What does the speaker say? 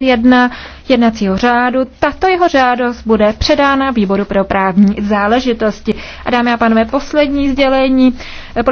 jedna jednacího řádu. Tato jeho žádost bude předána výboru pro právní záležitosti. A dámy a pánové, poslední sdělení.